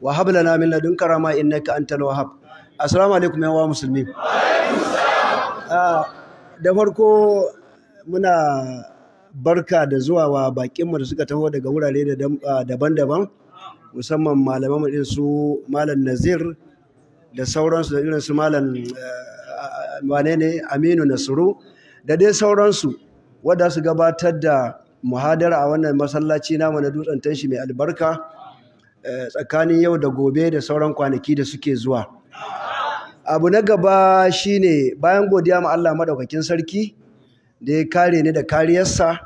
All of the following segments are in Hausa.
wa hab lana min ladunka rahma innaka antal wahhab assalamu alaikum ya wa musulmi da farko muna barka da zuwa wa bakinmu da suka taho daga wurare ah, daban-daban musamman malaman irin su malam nazir da sauransu da irin su malam ah, wane ne aminu Nasiru, da dai sauransu wadda su gabatar da muhadara a wannan masallaci namu na dutsen tanshi mai albarka tsakanin yau da gobe da sauran kwanaki da suke zuwa abu na gaba shi ne, bayan godiya ma Allah maɗaukakin sarki da ya kare ni da kariyarsa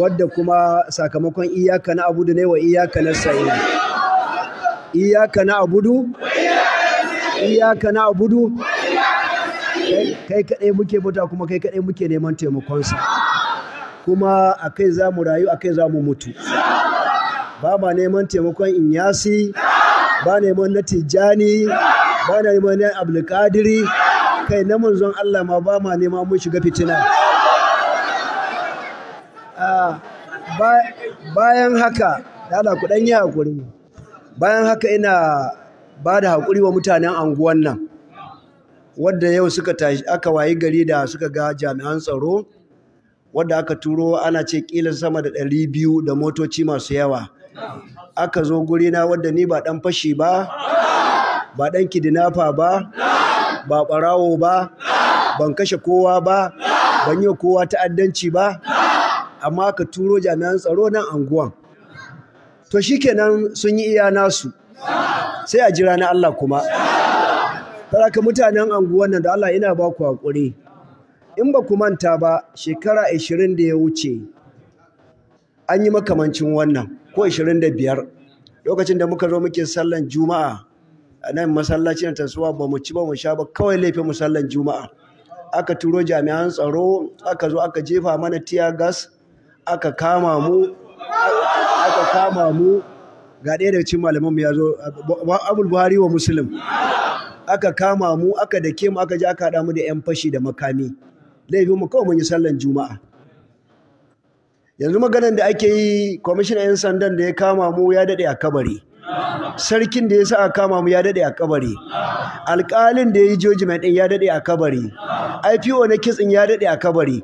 wadda kuma sakamakon iyaka na abudu ne wa iyaka na sa'i iyaka na abudu iyaka na abudu kai kaɗai muke bauta kuma kai kaɗai muke neman taimakonsa kuma a kai za mu rayu a kai za mu mutu ba ba neman taimakon inyasi ba neman na tijjani ba neman na abdulkadiri kai na manzon Allah ma ba ma nema mun shiga fitina ah, bayan haka dala ku dan hakuri bayan haka ina ba da hakuri wa mutanen anguwan nan wadda yau suka tashi aka wayi gari da suka ga jami'an tsaro wadda aka turo ana ce kila sama da ɗari biyu da motoci masu yawa aka zo guri na wadda ni ba ɗan fashi ba ba ɗan kidinafa ba ba ɓarawo ba ban kashe kowa ba ban yi kowa ta'addanci ba amma ka turo jami'an tsaro nan anguwan to shikenan sun yi iya nasu sai a jira na Allah kuma ka mutanen anguwan nan da Allah ina ba ku haƙuri in ba ku manta ba shekara 20 da ya wuce an yi makamancin wannan ko 25 lokacin da muka zo muke sallan juma'a a nan masallacin suwa ba mu ci ba mu sha ba kawai laifin mu sallan juma'a aka turo jami'an tsaro aka zo aka jefa mana tear gas aka kama mu aka kama mu ga ɗaya daga cikin malaman mu ya zo abul buhari wa muslim aka kama mu aka dake mu aka je aka haɗa mu da yan fashi da makami laifin mu kawai mun yi sallan juma'a yanzu maganan da ake yi kwamishinan 'yan sandan da ya kama mu ya daɗe a kabari sarkin da ya sa a kama mu ya daɗe a kabari alƙalin da ya yi mai ɗin ya daɗe a kabari ipo na ɗin ya daɗe a kabari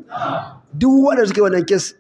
duk waɗanda suke wannan kis